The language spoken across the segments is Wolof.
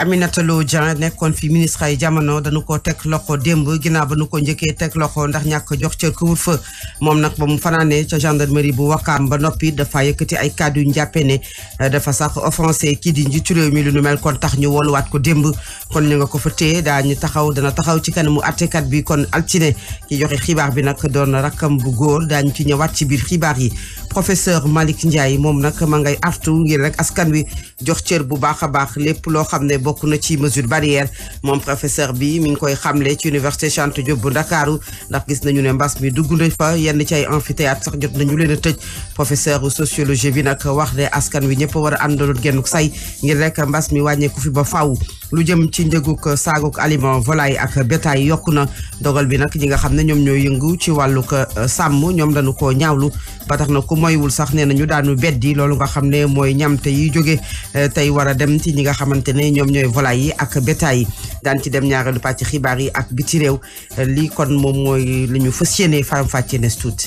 Aminata Lo Dieng nekkoon fi ministre ay jamono dañu ko teg loxo démb ginaaw ba nu ko njëkkee teg loxo ndax ñàkk jox ca couvre-feu moom nag ba mu fanaanee ca gendarmerie bu Wakaam ba noppi dafa yëkkati ay kàddu yu jàppee ne eh, dafa sax offensé kii di njiitu réew mi lu nu mel kon tax ñu woluwaat ko démb kon ñu nga ko fa daa ñu taxaw dana taxaw ci kanamu àttekat bi kon altine ki joxe xibaar bi nag doon rakkam bu góor daañu ci ñëwaat ci biir xibaar yi professeur Malick Ndiaye moom nag ma ngay artu ngir rek askan wi jox cër bu baax a baax lépp loo xam ne bokk na ci mesure barrière moom professeur bi mi ngi koy xamle ci université Cheikh Anta bu Ndakaaru ndax gis nañu ne mbas mi dugg na fa yenn ci ay amphithéâtre sax jot nañu leen a tëj professeur sociologie bi nag wax ne askan wi ñëpp war a àndaloon genn say ngir rek mbas mi wàññeeku fi ba faaw. lu jëm ci njëguk saaguk aliment volaille ak bétail yokku na dogal bi nag ñi nga xam ne ñoom ñoo yëngu ci wàlluk euh, sàmm ñoom dañu ko ñaawlu ba na ku moywul sax ne na ñu daanu beddi loolu nga xam ne mooy ñamte yi jóge euh, tey war a dem ci ñi nga xamante ne ñoom ñooy volaille yi ak bétail yi daan ci dem ñaareelu pàcc xibaar yi ak biti réew lii kon moom mooy li ñu fas yéene faram-fàccee ne tuuti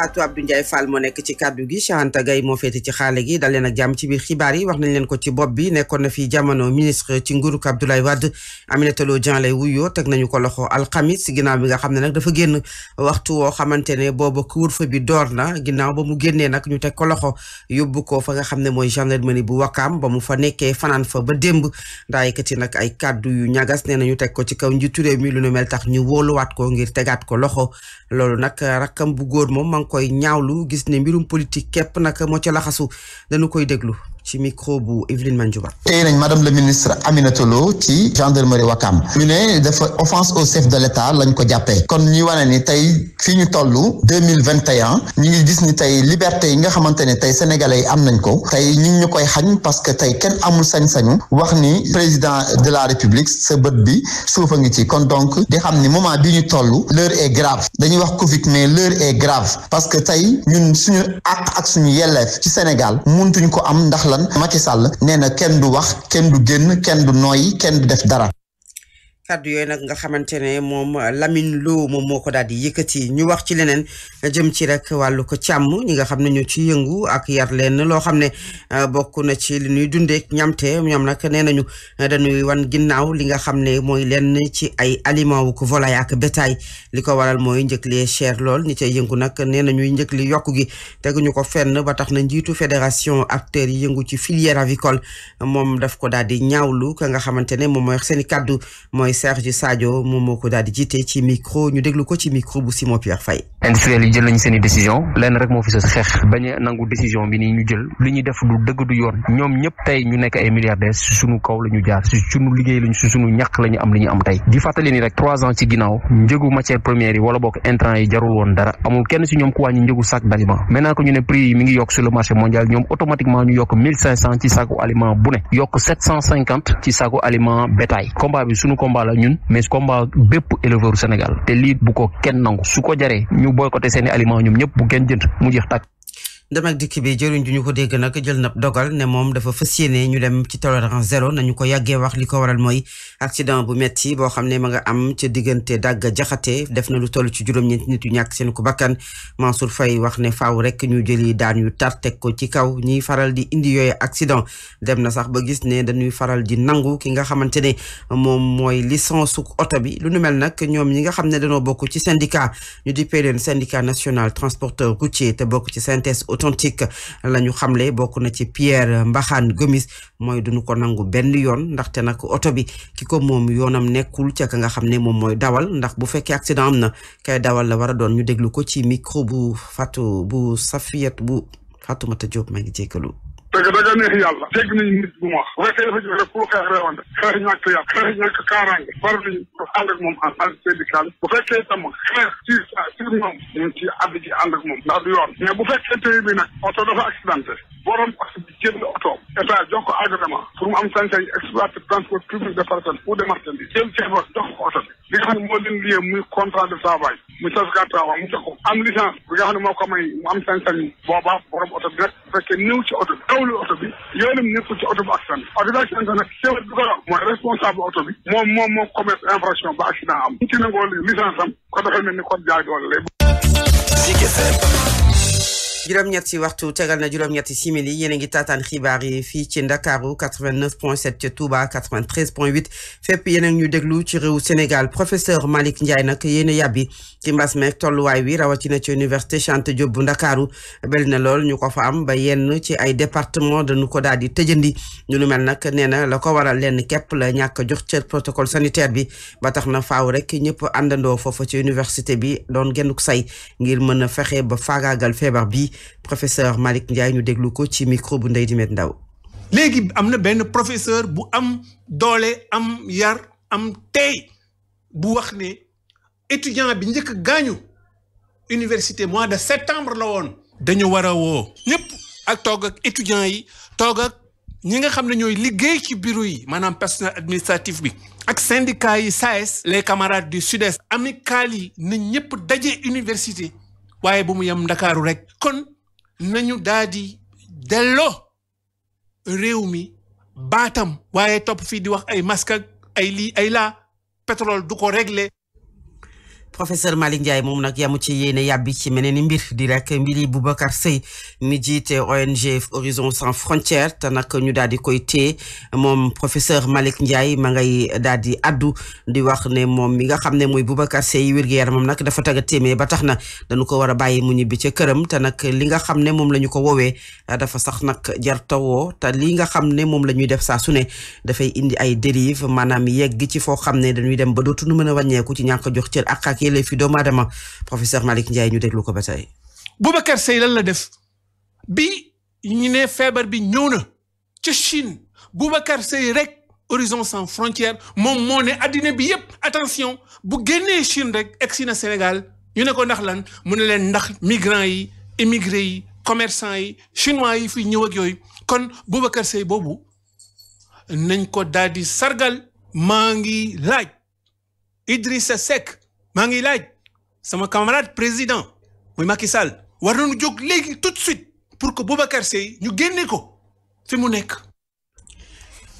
Fatou Abdou Ndiaye Fall moo nekk ci kàddu gi Cheikh Anta Gaye moo féete ci xaale gi dal leen ak jàmm ci biir xibaar yi wax nañ leen ko ci bopp bi nekkoon na fi jamono ministre ci nguurug Abdoulaye Wade Aminata Lo Dieng lay wuyoo teg nañu ko loxo alxamis ginnaaw bi nga xam ne nag dafa génn waxtu woo xamante ne booba couvre-feu bi door na ginnaaw ba mu génnee nag ñu teg ko loxo yóbbu ko fa nga xam ne mooy gendarmerie bu Wakaam ba mu fa nekkee fanaan fa ba démb daa yëkkati nag ay kàddu yu ñagas nee nañu teg ko ci kaw njiitu réew mi lu nu mel tax ñu wóoluwaat ko ngir tegaat ko loxo loolu nag rakkam bu góor moom koy ñaawlu gis ne mbirum politique képp nag moo la laxasu dañu koy déglu ci micro bu Evelyne Mandiouba. tey nañ madame le ministre Aminata Lo ci gendarmerie Wakam ñu ne dafa offense au chef de l'État lañ ko jàppee kon ñuy wane ni tey fii ñu tollu deux mille vingt et un ñu ngi gis ni tey liberté yi nga xamante ne tey sénégalais yi am nañ ko tey ñu ngi ñu koy xañ parce que tey kenn amul sañ-sañu wax ni président de la république sa bët bi suuf a ngi ci kon donc di xam ni moment bi ñu toll l'heure est grave dañuy wax Covid mais l'heure est grave parce que tey ñun suñu àq ak suñu yelleef ci Sénégal fan Macky Sall nee na kenn du wax kenn du génn kenn du nooyi kenn du def dara kàddu yooyu nag nga xamante ne moom Lamine Lo moom moo ko daal di yëkkati ñu wax ci leneen jëm ci rek wàllu ko càmm ñi nga xam ne ñu ci yëngu ak yar leen loo xam ne euh, bokk na ci li ñuy dundee ñamte ñoom nag nee nañu dañuy wan ginnaaw li nga xam ne mooy lenn ci ay aliment wu ko ak bétail li ko waral mooy njëg li lool ñi cay yëngu nag nee nañuy njëg li yokku gi teguñu ko fenn ba tax na njiitu fédération acteurs yi yëngu ci filière avicole moom daf ko daal di ñaawlu ka nga xamante ne moom mooy seen i mooy Serge Sadio moom moo ko daal di jiite ci micro ñu déglu ko ci micro bu Simon Pierre Faye. industriels yi jël nañu seen décision lenn rek moo fi sos xeex bañ nangu décision bi nii ñu jël li ñuy def du dëgg du yoon ñoom ñëpp tey ñu nekk ay milliardaires si sunu kaw la jaar si sunu liggéey lañu si sunu ñàkk la am li ñu am tey di fàttali ni rek trois ans ci ginnaaw njëgu matière première yi wala bokk intrants yi jarul woon dara amul kenn si ñoom ku la ñun mais combat bépp éleveur Sénégal te lii bu ko kenn nangu su ko jaree ñu boycotté seeni aliment ñoom ñëpp bu kenn jënd mu jeex tàkk dem ak dikk bi jëriñ ju ñu ko dégg nag jël na dogal ne moom dafa fas yéene ñu dem ci tolérance zéro nañu ko yàggee wax li ko waral mooy accident bu metti boo xam ne ma nga am ca diggante dàgg jaxate def na lu toll ci juróom-ñeenti nit yu ñàkk seen ko bakkan Mansour Faye wax ne faaw rek ñu jëli daan yu tar teg ko ci kaw ñiy faral di indi yooyu accident dem na sax ba gis ne dañuy faral di nangu ki nga xamante ne moom mooy licence su oto bi lu nu mel nag ñoom ñi nga xam ne dañoo bokk ci syndicat ñu di leen syndicat national transporteur routier te bokk ci synthèse authentique la ñu xamle bokk na ci Pierre Mbaxaan Gomis mooy duñu ko nangu benn yoon ndaxte nag oto bi ki ko moom yoonam nekkul ca ka nga xam ne moom mooy dawal ndax bu fekkee accident am na kay dawal la war a doon ñu déglu ko ci micro bu Fatou bu Safiat bu Fatoumata Diop maa ngi jéggalu dëgg dëgg neex yàlla dégg nañu nit bu mu wax bu fekkee dafa jóg rek pour xeex réewante xeex ñàkk yàlla xeex ñàkk kaaraange war nañu ànd ak moom ànd syndical bu fekkee tam xeex ci ndax du yoon mais bu fekkee tey bi nag oto dafa accidenté borom oto bi jënd oto état jox ko agrément pour mu am sañ-sañ transport public de personnes ou de marchandises jël ceeb jox ko oto li nga xam ne moo leen liyee muy contrat de travail muy certificat de travail mu jox ko am licence bi nga xam moo ko am sañ-sañ boobaa borom oto bi nag bu fekkee néew ci oto bi dawlu oto bi yoonam nekkul ci oto bi accident oto bi bi ko raw mooy responsable oto bi moom moom moo commettre infraction ba accident am ci nangoo licence am ko dafa mel ni kon jaay doole lay juróom-ñetti waxtu tegal na juróom-ñetti simili yéen a ngi taataan xibaar yi fii ci Ndakaaru 89.7 ca Touba 93.8 fépp yéen a ñu déglu ci réew Sénégal professeur Malick Ndiaye nag yéen a yàbbi ci mbas meek tolluwaay wi rawatina ci université Cheikh Diop bu Ndakaaru bel na lool ñu ko fa am ba yenn ci ay département dañu ko daal di tëjandi ñu lu mel nag nee na la ko waral lenn képp la ñàkk jox ca protocole sanitaire bi ba tax na faaw rek ñëpp àndandoo foofa ci université bi doon gennuk say ngir mën a fexe ba faagaagal feebar bi bi professeur Malick Ndiaye ñu déglu ko ci micro bu ndey Ndeye Dimet Ndaw léegi am na benn professeur bu am doole am yar am tey bu wax ne étudiant bi njëkk gaañu université mois de septembre la woon dañu war a woo ñëpp ak toog ak étudiants yi toog ak ñi nga xam ne ñooy liggéey ci bureau yi maanaam personnel administratif bi ak syndicats yi SAES e les camarades du sud-est amicales yi na ñëpp daje université waaye bu mu yem ndakaaru rek kon nañu daa di delloo réew mi baatam waaye topp fii di wax ay masque ay lii ay laa pétrole du ko régler professeur Malick Ndiaye moom nag yamu ci yéene yàbbi ci meneen mbir di rek mbiri Boubacar Seye mi jiite ONG Horizon Sans Frontières te nag ñu daal di koy téye moom professeur Malick Ndiaye ma ngay daal di addu di wax ne moom mi nga xam ne mooy Boubacar Seye wér-gu-yaramam nag dafa teg tagga téeméer ba tax na danu ko war a bàyyi mu ñibbi ca këram te nag li nga xam ne moom la ñu ko woowee dafa sax nag jar tawoo te li nga xam ne moom la ñuy def saa su ne dafay indi ay dérive maanaam yegg ci foo xam ne dañuy dem ba dootu dootuñu mën a wàññeeku ci ñàkk jox cër ak ak yelleefu doomu aadama professeur Malick Ndiaye ñu déglu ko ba tey. Boubacar Seye lan la def bi ñu feebar bi ñëw na ca Chine Boubacar Seye rek horizon sans frontière moom moo ne addina bi yëpp attention bu génnee Chine rek egsi na Sénégal ñu ne ko ndax lan mu ne leen ndax migrants yi émigrés yi commerçants yi chinois yi fi ñëw ak yooyu kon Boubacar Seye boobu nañ ko daal di sargal maa ngi laaj Idrissa Seck maa ngi laaj sama camarade président muy Macky Sall war nañu jóg léegi tout de suite pour que Boubacar Sèye ñu génne ko fi mu nekk.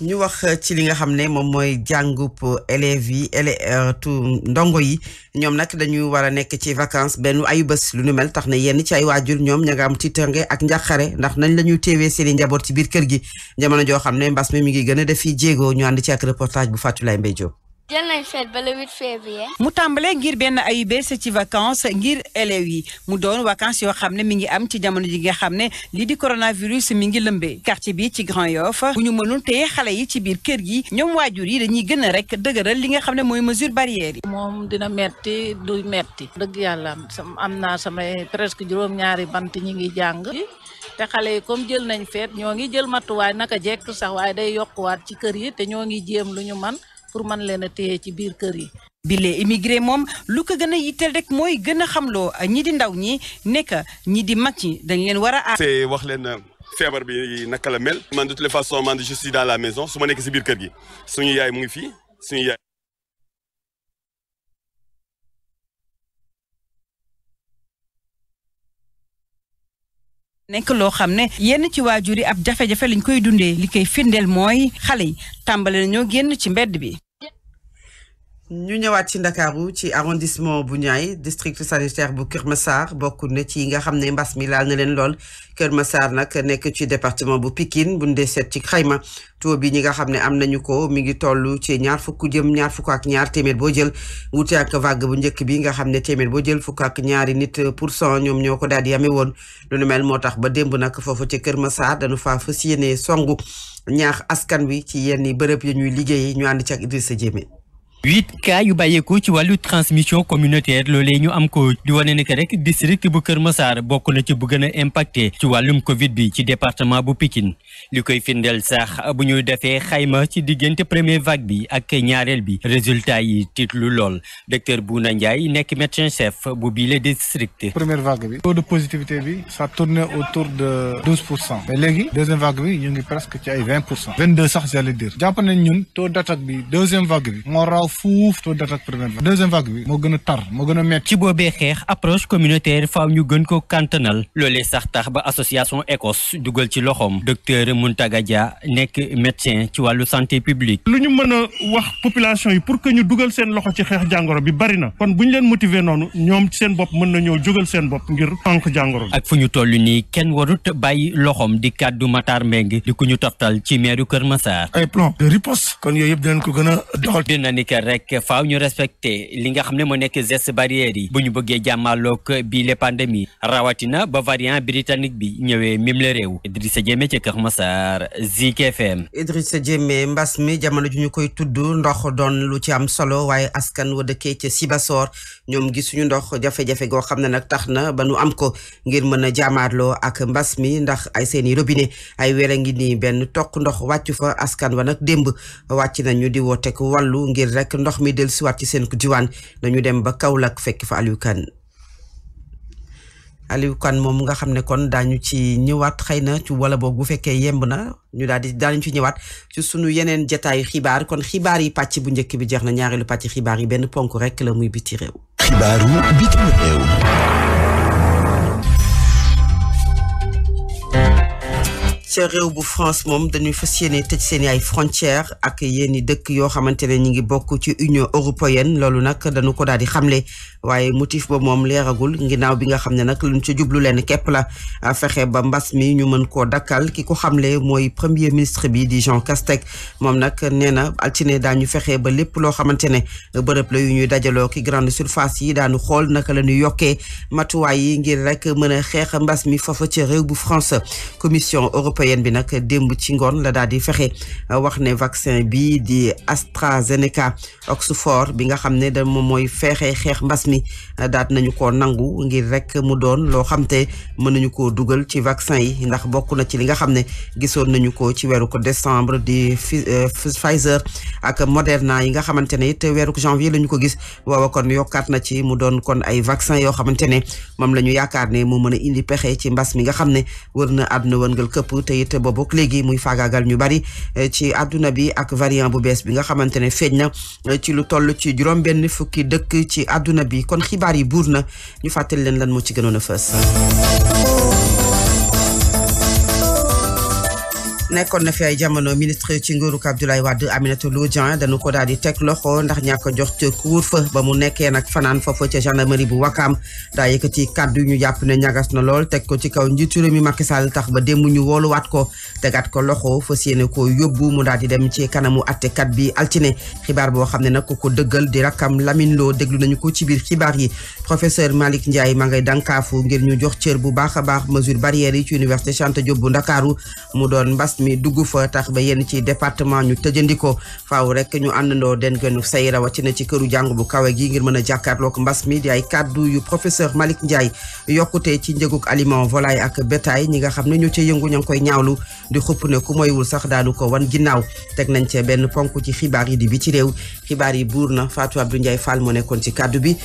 ñu wax ci li nga xam ne moom mooy jàngub élèves yi élèves euh, tu ndongo yi ñoom nak dañuy war a nekk ci vacances benn ayubés lu nu mel tax na yenn ci ay waajur ñoom ña nga am ci tënge ak njàqare ndax nañ la ñuy teewee seen i njaboot ci biir kër gi jamono joo xam ne mbas mi mi ngi gën a def fi jéego ñu ànd ci ak reportage bu Fatou lay Mbaye Diop jël nañ fête ba le 8 février. mu tàmbalee ngir benn ayubés ci vacance ngir élèves yi mu doon vacances yoo xam ne mi ngi am ci jamono ji nga xam ne lii di coronavirus mi ngi lëmbee quartier bi ci Grand Yoff bu ñu mënul téye xale yi ci biir kër gi ñoom waajur yi dañuy gën rek dëgëral li nga xam ne mooy mesure barrière yi. moom dina metti du metti dëgg yàlla am am naa samay presque juróom-ñaari bant ñi ngi jàng. te xale yi comme jël nañ feet ñoo ngi jël matuwaay naka jekk sax waaye day yokk waat ci kër yi te ñoo ngi jéem lu ñu man pour man leen a téye ci biir kër yi. bile immigré moom lu ko gën a yitteel rek mooy gën a xam xamloo ñi di ndaw ñi nekk ñi di mag ñi dañ leen war a. c'est wax leen feebar bi naka la mel. man de toutes man je suis dans la maison su ma nekk si biir kër gi suñu yaay mu ngi fii suñu yaay. nekk loo xam ne yenn ci waajur yi ab jafe-jafe lañ koy dundee li koy firndeel mooy xale yi tàmbale nañoo génn ci mbedd bi ñu ñëwaat ci ndakaaru ci arrondissement bu Niayes district sanitaire bu Kër ma Massar bokk na ci nga xam ne mbas mi laal na leen lool Kër ma Massar nag nekk ci département bu Pikine bu ndee seet ci xayma taux bi ñi nga xam ne am nañu ko mi ngi toll ci ñaar fukk jëm ñaar fukk ak ñaar téeméer boo jël wuute ak vague bu njëkk bi nga xam ne téeméer boo jël fukk ak ñaari nit pour cent ñoom ñoo ko daal di woon lu nu mel moo tax ba démb nag foofu ci Kër ma Massar dañu faa fas yéene songu ñaax askan wi ci yenn bërëb yi ñuy liggéey ñu ànd ci ak Idrissa Diémé huit cas yu bàyyeeku ci wàllu transmission communautaire loolee ñu am ko di wane ne que rek district bu Kër Massar bokk na ci bu gën a impacté ci wàllum Covid bi ci département bu Pikine li koy findeel sax bu ñu defee xayma ci diggante première vague bi ak ñaareel bi résultat yi tiitlu lool docteur Bouna Ndiaye nekk médecin chef bu bile district. première vague bi taux de positivité bi ça tournait autour de douze pour cent mais léegi deuxième vague bi ñu ngi presque ci ay vingt pour cent vingt deux sax j'allais dire jàpp nañ ñun taux d'attaque bi deuxième vague bi moo raw fuuf taux d'attaque première vague bi moo gën a tar moo gën a métti ci boobee xeex approche communautaire faaw ñu gën ko kantanal loolee sax tax ba association ECOS ci loxoom Siré Mountaga Dia nekk médecin ci wàllu santé publique. lu ñu mën wax population yi pour que ñu dugal seen loxo ci xeex jàngoro bi bari na kon bu ñu leen motiver noonu ñoom seen bopp mën na ñoo jógal seen bopp ngir fànq jàngoro bi. ak fu ñu toll nii kenn warut bàyyi loxoom di kàddu Matar Mbengue di ku ñu toftal ci meeru Kër Massar. ay plan de riposte. kon yooyu yëpp dinañ ko gën a doxal. dina ni que rek ñu respecté li nga xam ne moo nekk geste barrière yi bu ñu bëggee jàmmaloog Sarr Zik FM. Idrissa Diémé mbas mi jamono ju ñu koy tudd ndox doon lu ci am solo waaye askan wa dëkkee ca Sibassor ñoom gisuñu ndox jafe-jafe goo xam ne nag tax na ba nu am ko ngir mën a jaamaarloo ak mbas mi ndax ay seeni robine ay weer a ngi nii benn toq ndox wàcc fa askan wa nag démb wàcc nañu di wooteek wàllu ngir rek ndox mi dellusiwaat ci seen diwaan dañu dem ba kaw Kaolack fekk fa Aliou Aliou Kane moom mu nga xam ne kon daañu ci ñëwaat xëy na ci wala boog bu fekkee yemb na ñu daal di daañu ci ñëwaat ci sunu yeneen jataayu xibaar kon xibaar yi pàcc bu njëkk bi jeex na ñaareelu pàcc xibaar yi benn ponk rek la muy biti réew. xibaaru biti réew. ca réew bu France moom dañuy fas yéene tëj seen i ay frontières ak yéen i dëkk yoo xamante ne ñu ngi bokk ci Union européenne loolu nag dañu ko daal di xamle waaye motif ba moom leeragul ngi naaw bi nga xam ne nag luñ ca jublu leen képp la fexe ba mbas mi ñu mën koo dakkal ki ko xamle mooy premier ministre bi di Jean Castex moom nag nee na altine daañu fexe ba lépp loo xamante ne bërëb la yu ñuy dajaloo ki grande surface yi daanu xool naka la ñu yokkee matuwaay yi ngir rek mën a xeex mbas mi foofa ca réew bu France commission européenne européenne bi nag démb ci ngoon la daal di fexe euh, wax ne vaccin bi di AstraZeneca Oxford bi nga xam ne da moom mooy feexee xeex mbas mi euh, daat nañu ko nangu ngir rek mu doon loo xamte mën nañu koo dugal ci vaccin yi ndax bokk na ci li nga xam ne gisoon nañu ko ci weeru ko décembre di euh, Pfizer ak Moderna yi nga xamante ne te weeru janvier la ñu ko gis waaw kon yokkaat na ci mu doon kon ay vaccin yoo xamante ne moom la ñu yaakaar ne moo mën a indi pexe ci mbas mi nga xam ne te it boobu léegi muy faagaagal ñu bari eh, ci àdduna bi ak variant bu bees bi nga xamante ne feeñ na eh, ci lu toll ci juróom benn fukki dëkk ci àdduna bi kon xibaar yi buur na ñu fàttali leen lan moo ci gënoon a fës nekkoon na fi ay jamono ministre ci nguurug Abdoulaye Wade Aminata Lô Dieng dañu ko daal di teg loxo ndax ñàkk jox ca couvre-feu ba mu nekkee nag fanaan foofa ca gendarmerie bu Wakaam daa yëkkati kàddu ñu jàpp ne ñagas na lool teg ko ci kaw njiitu réew mi Macky Sall tax ba démb ñu wooluwaat ko tegaat ko loxo fas yéene ko yóbbu mu daal di dem ci kanamu attekat bi altine xibaar boo xam ne nag ko ko dëggal di rakkam Lamine Lo déglu nañu ko ci biir xibaar yi professeur Malick Ndiaye ma ngay dànkaafu ngir ñu jox cër bu baax a baax mesure barrière yi ci université Cheikh Anta Diop bu Ndakaaru mu doon mbas mi dugg fa tax ba yenn ci département ñu tëjandikoo faaw rek ñu àndandoo den gënu say rawatina ci këru jàng bu kawe gi ngir mën a jàkkaarloog mbas mi di ay kàddu yu professeur malik Ndiaye yokkute ci njëguk aliment volaille ak bétail ñi nga xam ne ñu ca yëngu ña ngi koy ñaawlu di xupp ne ku moy wul sax daanu ko wan ginnaaw teg nañ cee benn ponk ci xibaar yi di bi ci réew xibaar yi buur na Fatou Abdou moo nekkoon ci kàddu bi